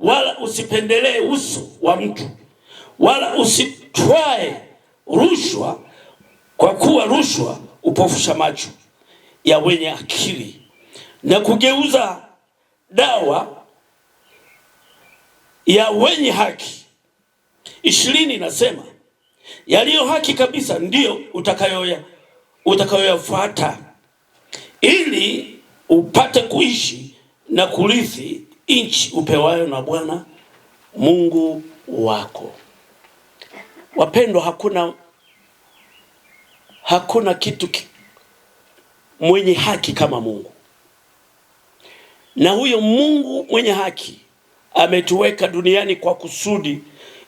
wala usipendelee uso wa mtu, wala usitwae rushwa, kwa kuwa rushwa upofusha macho ya wenye akili na kugeuza dawa ya wenye haki. Ishirini inasema yaliyo haki kabisa ndiyo utakayoya utakayoyafuata ili upate kuishi na kurithi nchi upewayo na Bwana Mungu wako. Wapendwa, hakuna hakuna kitu ki, mwenye haki kama Mungu, na huyo Mungu mwenye haki ametuweka duniani kwa kusudi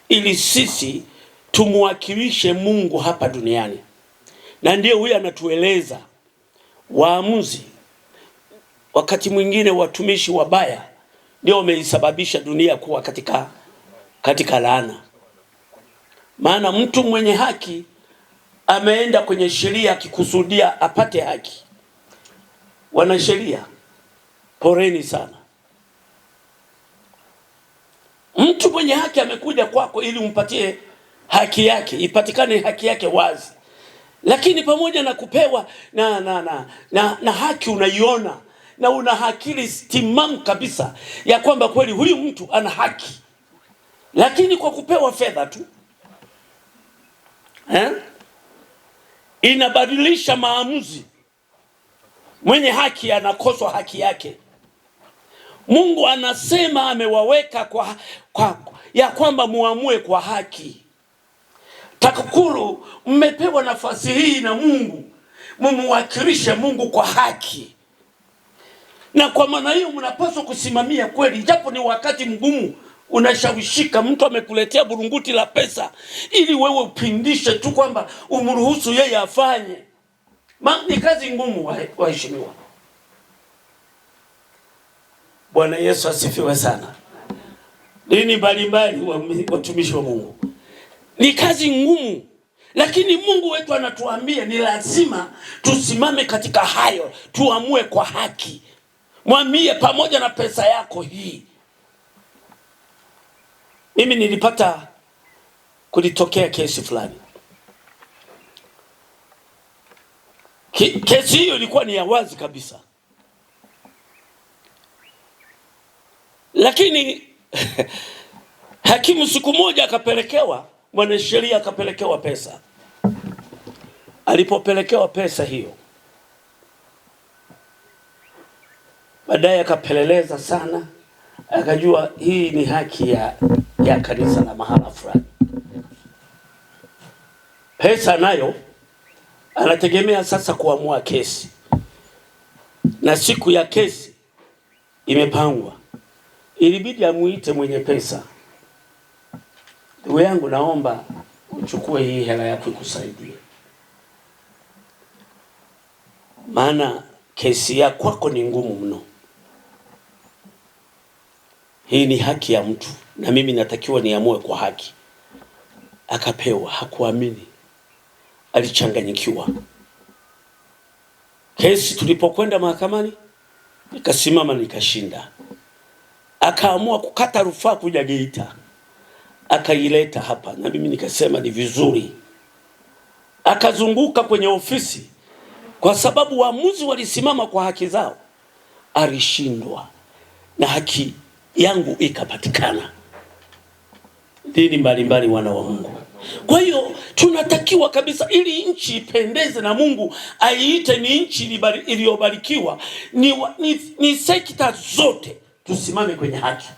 ili sisi tumwakilishe Mungu hapa duniani, na ndiyo huyo anatueleza waamuzi, wakati mwingine watumishi wabaya ndio wameisababisha dunia kuwa katika, katika laana. Maana mtu mwenye haki ameenda kwenye sheria akikusudia apate haki. Wanasheria, poreni sana. Mtu mwenye haki amekuja kwako ili umpatie haki yake, ipatikane haki yake wazi, lakini pamoja na kupewa na na na, na, na haki unaiona na una akili timamu kabisa ya kwamba kweli huyu mtu ana haki, lakini kwa kupewa fedha tu eh, inabadilisha maamuzi. Mwenye haki anakoswa haki yake. Mungu anasema amewaweka kwa, kwa, ya kwamba muamue kwa haki. TAKUKURU mmepewa nafasi hii na Mungu mumuwakilishe Mungu kwa haki. Na kwa maana hiyo mnapaswa kusimamia kweli, japo ni wakati mgumu unashawishika mtu amekuletea burunguti la pesa ili wewe upindishe tu kwamba umruhusu yeye afanye. Ma, ni kazi ngumu waheshimiwa. Bwana Yesu asifiwe sana. Dini mbalimbali, watumishi wa Mungu, ni kazi ngumu, lakini Mungu wetu anatuambia ni lazima tusimame katika hayo, tuamue kwa haki mwambie pamoja na pesa yako hii, mimi nilipata kulitokea kesi fulani. Kesi hiyo ilikuwa ni ya wazi kabisa, lakini hakimu siku moja akapelekewa, mwanasheria akapelekewa pesa. Alipopelekewa pesa hiyo Baadaye akapeleleza sana, akajua hii ni haki ya, ya kanisa la mahala fulani. Pesa nayo anategemea sasa kuamua kesi, na siku ya kesi imepangwa, ilibidi amuite mwenye pesa, ndugu yangu, naomba uchukue hii hela yako ikusaidie, maana kesi ya kwako ni ngumu mno. Hii ni haki ya mtu na mimi natakiwa niamue kwa haki. Akapewa, hakuamini, alichanganyikiwa. Kesi tulipokwenda mahakamani, nikasimama nikashinda. Akaamua kukata rufaa kuja Geita, akaileta hapa, na mimi nikasema ni vizuri. Akazunguka kwenye ofisi, kwa sababu waamuzi walisimama kwa haki zao, alishindwa na haki yangu ikapatikana. Dini mbalimbali, wana wa Mungu. Kwa hiyo tunatakiwa kabisa, ili nchi ipendeze na Mungu aiite ni nchi iliyobarikiwa, ni, ni, ni sekta zote tusimame kwenye haki.